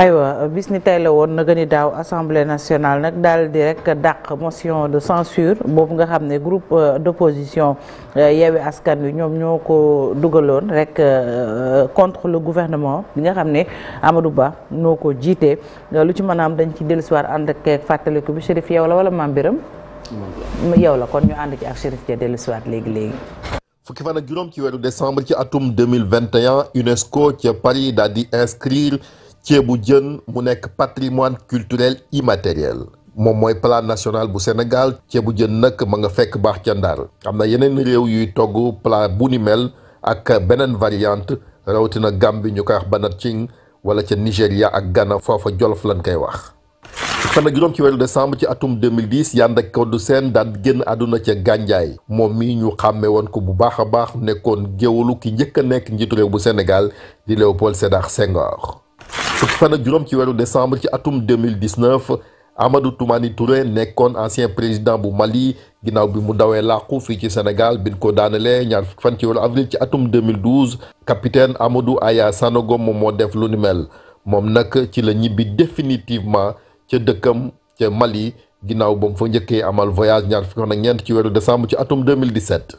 aywa bis ni la woon na ni daaw assemblée nationale nag daal di rek dàq motion de censure boobu nga xam ne groupe euh, d'opposition euh, yeewi askan wi ñoom ñoo ko dugaloon rek euh, contre le gouvernement bi nga xam ne Amadou Ba noo ko jiite lu ci mën am dañ ci dellusiwaat ànd ak fàttaliku bi Chérif yow la wala Mame Biram yow la kon ñu ànd ci ak Chérif ja dellusiwaat léegi léegi. fukki fan ak juróom ci weeru décembre ci atum 2021 UNESCO ca Paris daal di inscrire. ceebu jën mu nekk patrimoine culturel immatériel moom mooy plat national bu senegal ceebu jën nag ma nga fekk baax ca Ndar am na yeneen réew yuy togg plat bu ni mel ak beneen variante rawatina Gambie ñu koy wax banatcing wala ca Nigéria ak Ghana foofa jolof lañ koy wax. fan ak juróom ci weeru décembre ci atum 2010 Yanda Codou Sène daan génn àdduna ca Gànjaay moom mii ñu xàmme woon ko bu baax a baax nekkoon géwlu ki njëkk a nekk njiitu réew bu senegal di Léopold Sédar Senghor. fukki fan ak juróom ci weeru décembre ci atum 2019 Amadou Toumani Touré nekkoon ancien président bu Mali ginnaaw bi mu dawee làqu fii ci Sénégal bin ko daanalee ñaar fan ci weeru avril ci atum 2012 capitaine Amadou Aya Sanogo moom moo def lu ni mel moom nag ci la ñibbi définitivement ca dëkkam ca Mali ginnaaw ba mu fa njëkkee amal voyage ñaar fukki fan ak ñeent ci weeru décembre ci atum 2017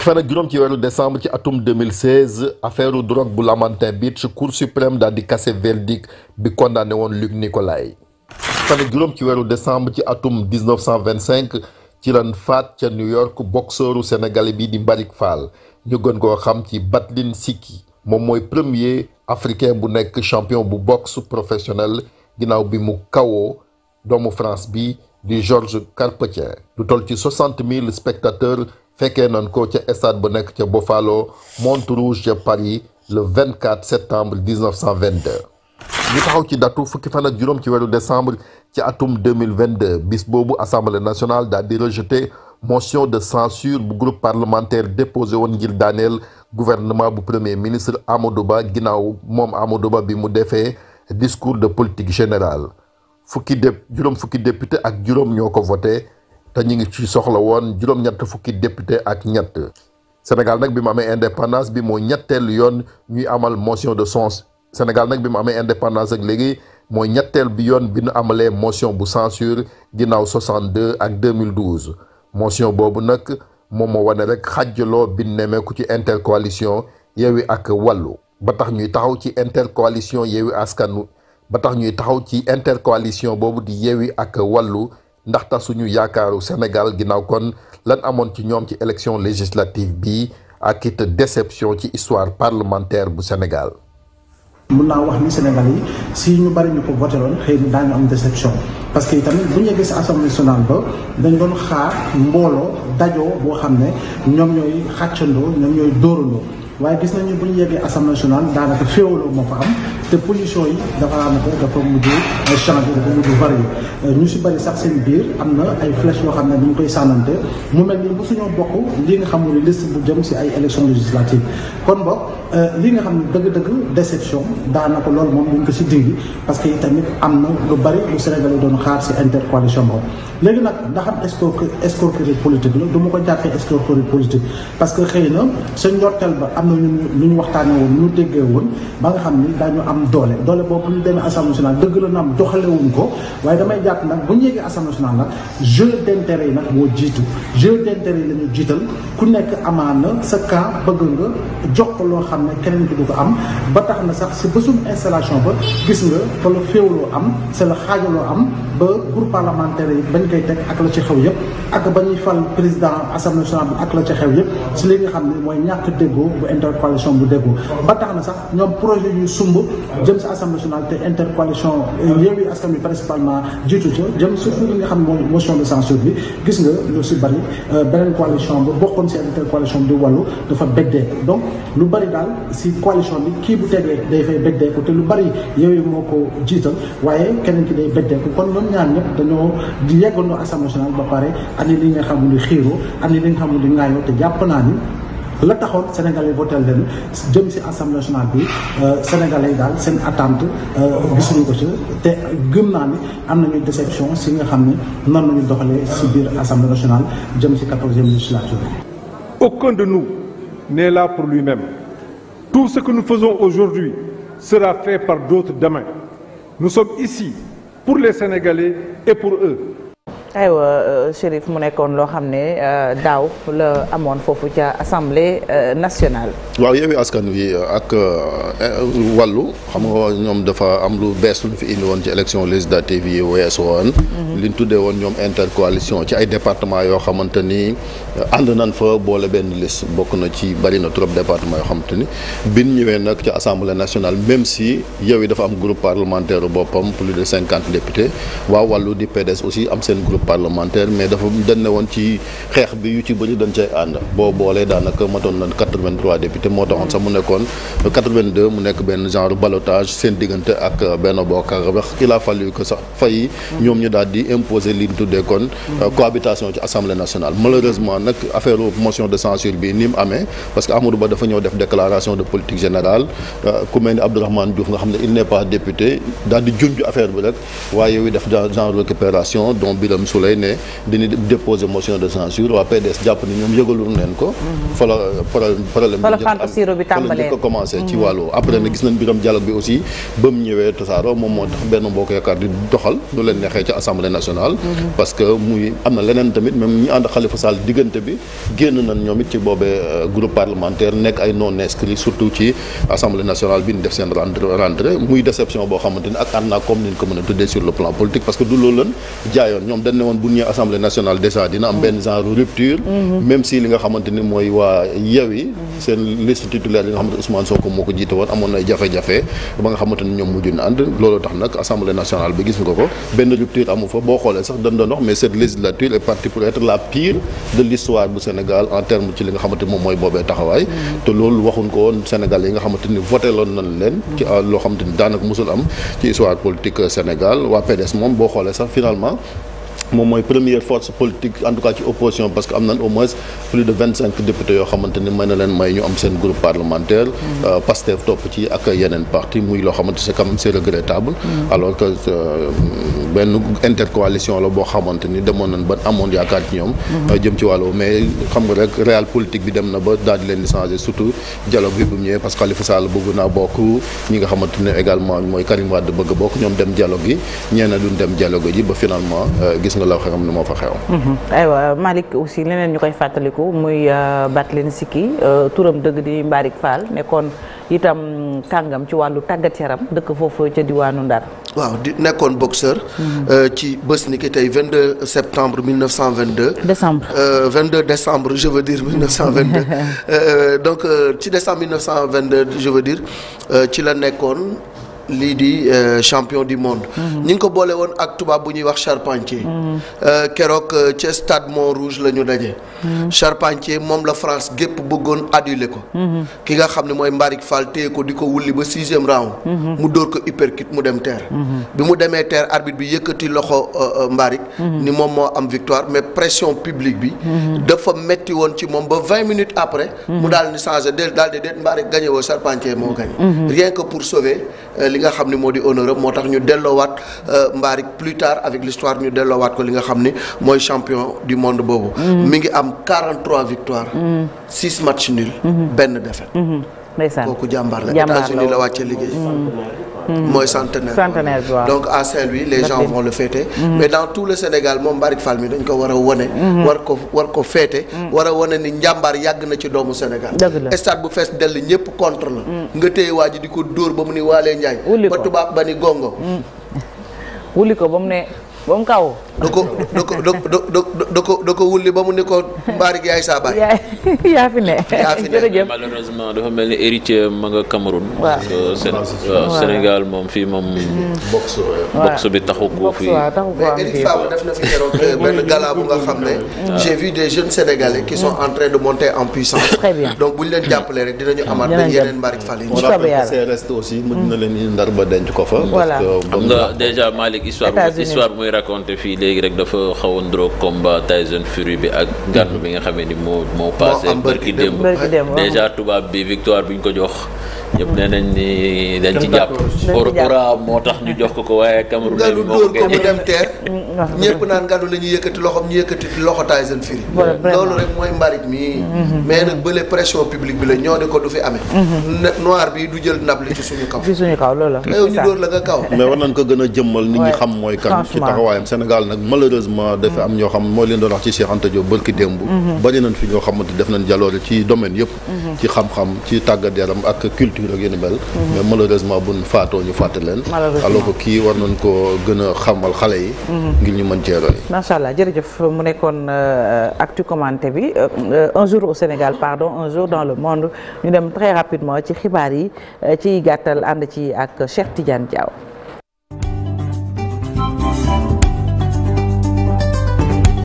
fukki juróom ci weeru décembre ci atum 2016 affaire drogue bu Lamantin Beach cour suprême daal di casser verdict bi condamné woon Luc Nicolaï fukki fan ak juróom ci weeru décembre ci atum 1925 ci lan faat ca New York boxeuru sénégalais bi di Mbarick Fall ñu gën koo xam ci Batlin Siki moom mooy premier africain bu nekk champion bu boxe professionnel ginnaaw bi mu kawoo doomu France bi di Georges Carpentier lu toll ci 60 000 spectateurs fekkee nan ko ca stade bu nekk ca Buffalo Montrouge ca Paris le 24 septembre 1922 ñu taxaw ci datu fukki fan ak juróom ci weeru décembre ci atum 2022 bis boobu assemblée nationale daa di rejeté motion de censure bu groupe parlementaire déposé woon ngir daaneel gouvernement bu premier ministre Amadou Ba ginnaaw moom Amadou Ba bi mu defee discours de politique générale fukki dé juróom fukki député ak juróom ñoo ko voté te ñu ngi ci soxla woon juróom-ñett fukki député ak ñett Sénégal nag bi mu amee indépendance bi moo ñetteelu yoon ñuy amal motion de censure Sénégal nag bi mu amee indépendance ak léegi mooy ñetteel bi yoon bi nu amalee motion bu censure ginnaaw 62 ak 2012 motion boobu nag moom moo wane rek xajjaloo bi nemeeku ci intercoalition Yewwi ak Wallu ba tax ñuy taxaw ci intercoalition Yewwi Askan ba tax ñuy taxaw ci intercoalition boobu di Yewwi ak Wallu ndaxta tasuñu yaakaaru Sénégal ginnaaw kon lan amoon ci ñoom ci élection législative bi ak it déception ci histoire parlementaire bu Sénégal. mun naa wax ni Sénégal yi si ñu bari ñu ko voté woon xëy am déception parce que itamit bu ñu yeggee si assemblée nationale ba dañ doon xaar mbooloo dajoo boo xam ne ñoom ñooy xàccandoo ñoom ñooy dóorandoo waaye gis nañu bu ñu yeggee assemblée daanaka féewaloo moo fa am. te position yi dafa amate dafa mujj ay changé dafa mujj varié euh, ñu si bari sax seen biir am na ay flèche yoo xam ne ñu ngi koy sànnante mu mel ni bu suñoo bokk li nga xam ne liste bu jëm si ay élection législative kon boog euh, li nga xam ne dëgg-dëgg déception daanaka loolu moom ñu ko si dingi parce que tamit am na lu bari lu Sénégal doon xaar si intercoalition boobu léegi nag ndax am escroquerie escroquerie politique la du ma ko jàppee escroquerie politique parce que xëy na sa njorteel ba am na ñu ñu waxtaane woon ñu déggee woon am doole doole boobu bu ñu demee assemblée nationale dëgg la na doxalewuñ ko waaye damay jàpp nag bu ñu yeggee assemblée nationale nag jeu d' yi nag moo jiitu jeu d' intérêt yi la ñu jiital ku nekk amaan na sa cas bëgg nga jox ko loo xam ne keneen ki du ko am ba tax na sax si bésum installation ba gis nga fa la féewloo am c'est la xaajaloo am ba groupe parlementaire yi bañ koy teg ak la ci xew yëpp ak ba ñuy fal président assemblée nationale bi ak la ci xew yëpp si li xam mooy ñàkk déggoo bu intercoalition bu déggoo jëm si assemblée nationale te intercoalition Yewwi Askan Wi principalement jiitu ca jëm surtout li nga xam mooy motion de censure bi gis nga lu si bëri euh, beneen coalition ba bokkoon si intercoalition bi di wàllu dafa béddee donc lu bari daal si coalition bi kii bu tegee day fay béddee ko te lu bari Yewwi moo ko jiital waaye keneen ki day béddee ko kon ñoom ñaar ñëpp dañoo di yeggandoo assemblée nationale ba pare andi li nga xam ne am ni li nga xam ne ŋaayoo te jàpp naa ni la taxoon Sénégal yi voté leen jëm si assemblée nationale bi euh, Sénégal yi daal seen attente euh, gisuñu ko ci te gëm naa ni am nañu déception si nga xam ne nan nañu doxalee si biir assemblée nationale jëm si quatorzième législature aucun de nous n'est là pour lui-même tout ce que nous faisons aujourd'hui sera fait par d'autres demain nous sommes ici pour les Sénégalais et pour eux aywa euh, Chérif mu nekkoon loo xam ne euh, daaw la amoon foofu ca assemblée euh, nationale. waaw Yewwi Askan Wi ak wàllu xam nga ñoom dafa am lu bees lu fi indi woon ci élection législative yi weesu woon. Mm-hmm. li ñu tuddee woon ñoom intercoalition ci ay département yoo xamante ni ànd nañ fa boole benn liste bokk na ci bari na trop département yoo xam te ni bin ñëwee nag ci assemblée nationale même si yow yi dafa am groupe parlementaire boppam plus de cinquante députés waaw wàllu di PDS aussi am seen groupe parlementaire mais dafa dañ woon ci xeex bi yu ci bëri dañ cay ànd boo boolee daanaka matoon na 83 députés moo taxoon sax mu nekkoon 82 mu nekk benn genre ballottage seen diggante ak benn bokk ak wax il a fallu que sax fay ñoom ñu di imposer li ñu tuddee kon euh, nag affaire motion de censure bi ni mu amee parce Amadou Ba dafa ñëw def déclaration de politique générale euh, ku mel ni Abdourahmane Diouf nga xam ne il n'est pas député daal di junj affaire bi rek waaye yooyu def genre récupération dont Birame Souleye ne dina déposer motion de censure waa PDS jàpp ni ñoom yëgalul neen ko mm-hmm. fa la problème bi njëkk a commencé ci mm-hmm. wàllu après na gis nañ Birame dialogue bi aussi ba mu ñëwee tasaaro moom moo diggante bi génn nañ ñoom it ci boobee euh, groupe parlementaire nekk ay non inscrits surtout ci assemblée nationale bi ñu def seen rendre muy déception boo xamante ni ak ànd naa comme mm-hmm. ni ñu ko mooy waa Yewwi seen liste titulaire yi nga xamante Ousmane Sonko moo ko jiite woon amoon na jafe-jafe ba nga xamante ñoom mujj na ànd loolu tax nag assemblée nationale bi gis nga ko benn rupture amu fa boo xoolee sax dañ doon mais cette législature est partie pour histoire bu Sénégal en terme ci li nga xamante moom mooy boobee taxawaay te loolu waxuñ ko woon Sénégal yi nga xamante ni voté loon nañ leen ci euh, loo xamante ni daanaka mosul am ci histoire politique euh, Sénégal waa PDS moom boo xoolee sax finalement moom mooy première force politique en ci opposition parce que am nañ au moins plus de vingt cinq députés yoo xamante may ñu am seen groupe parlementaire. Mm. Euh, Pastef topp ci ak yeneen parti muy loo xamante c'est quand regrettable. Mm. alors que euh, benn intercoalition la boo xamante demoon nañ ba amoon yaakaar ci ñoom. Mm-hmm. Euh, jëm ci wàllu mais xam nga rek réel politique bi dem na ba daal leen di changer surtout dialogue bi bu ñëwee parce que Khalifa Sall nga la waxee xam ne moo fa xew. Mhm. aywa Malick aussi leneen ñu koy fàttaliku muy euh, Batlin Sikki euh, turam dëgg di Mbarick Fall nekkoon itam kàngam ci wàllu tàggat yaram dëkk foofu ca diwaanu Ndar. waaw di nekkoon boxeur. Mhm. Euh, ci bés ni ki tey 22 septembre 1922. décembre 22 décembre je veux dire 1922 donc ci décembre 1922 je veux dire ci la nekkoon. lii di euh, champion du monde. ñi mhm. ngi ko boole woon ak tubaab bu ñuy wax Charpentier. Mhm. Euh, keroog euh, ca stade Montrouge la ñu daje. Mhm. Charpentier moom la France gépp bëggoon adulé ko. ki nga xam ne mooy Mbarick Fall téye ko di ko wulli ba sixième round. mu dóor ko uppercut mu dem terre. bi mu demee terre arbitre bi yëkkati loxo Mbarick. ni moom moo am victoire mais pression publique bi. dafa metti woon ci moom ba vingt minutes après. mu daal di changé déet daal di déet Mbarick gagné woo nga xam ni moo di honneur moo tax ñu delloowaat euh, Mbarick plus tard avec l'histoire ñu delloowaat ko li nga xam ni mooy champion du monde boobu. Mm. mi ngi am 43 victoires. 6 mm. matchs nuls. Mm-hmm. benn défaite. Mm-hmm. kooku jàmbaar la États-Unis la wàccee liggéey. Mm. Hmm. mooy centenaire. centenaire bi waaw donc à Saint-Louis les gens vont hmm. mais dans tout le Sénégal moom Mbarick Fall dañ ko war a wane. Hmm. war ko war ko fêter. war a wane ni njàmbaar yàgg na ci doomu Sénégal. stade bu fees dell ñëpp contre la. nga téye waa ji di ko dóor ba mu ni waalee Njaay. ba tubaab ba ni gongo. wuli ko ba mu ne. moom kaw. da ko da ko da ko da ko da ko ba mu ne ko mbaarik yaay saa baay. yaa fi ne yaa fi ne jërëjëf malheureusement dafa mel ni héritier ma nga Cameroun. waaw Sénégal moom fii moom. box box bi taxu ko fii. mais Eric Faw def na fi keroog euh, benn gala bu nga xam ne. Mm. j'ai vu des jeunes qui sont en de monter en puissance. très bien donc bu ñu leen jàppalee rek dinañu amaat. dinañ yeneen mbaarik Fall yi. on rappelle que c'est resté aussi leen ndar ba denc ko fa. voilà déjà Malik histoire histoire muy fii léegi rek dafa xaw a ndroog combat Tyson Fury bi ak ngan bi nga xamee ni moo moo passé bërki démb déjà tubaab bi victoire bi ñu ko jox ñëpp nee nañ ni dañ ci jàpp ora moo tax ñu jox ko ko waaye Cameroun Ngadou dóor ko mu dem teer ñëpp naan Ngadou la ñuy yëkkati loxoom ñu yëkkati loxo Tyson Fury loolu rek mooy mbarit mi mhm. mais nag bële pression publique bi la ñoo ne ko du fi amee mhm. noir bi du jël ndab li ci suñu kaw ci la yow ñu dóor la nga kaw mais war nañ ko gën a jëmmal nit ñi xam mooy kan ci taxawaayam Sénégal nag malheureusement dafa mhm. am ñoo xam mooy leen doon wax ci Cheikh Anta Diop barki bari nañ culture ak yenn mel. mais malheureusement buñ faatoo ñu fàtte leen. alors que kii war nañ koo gën a xamal xale yi. Mhm. ngir ñu mën cee roy. allah jërëjëf mu nekkoon euh, actu commenté bi euh, euh, un jour au Sénégal pardon un jour dans le monde ñu dem très rapidement ci xibaar yi ci gàttal ànd ci ak Cheikh Tidiane Diaw.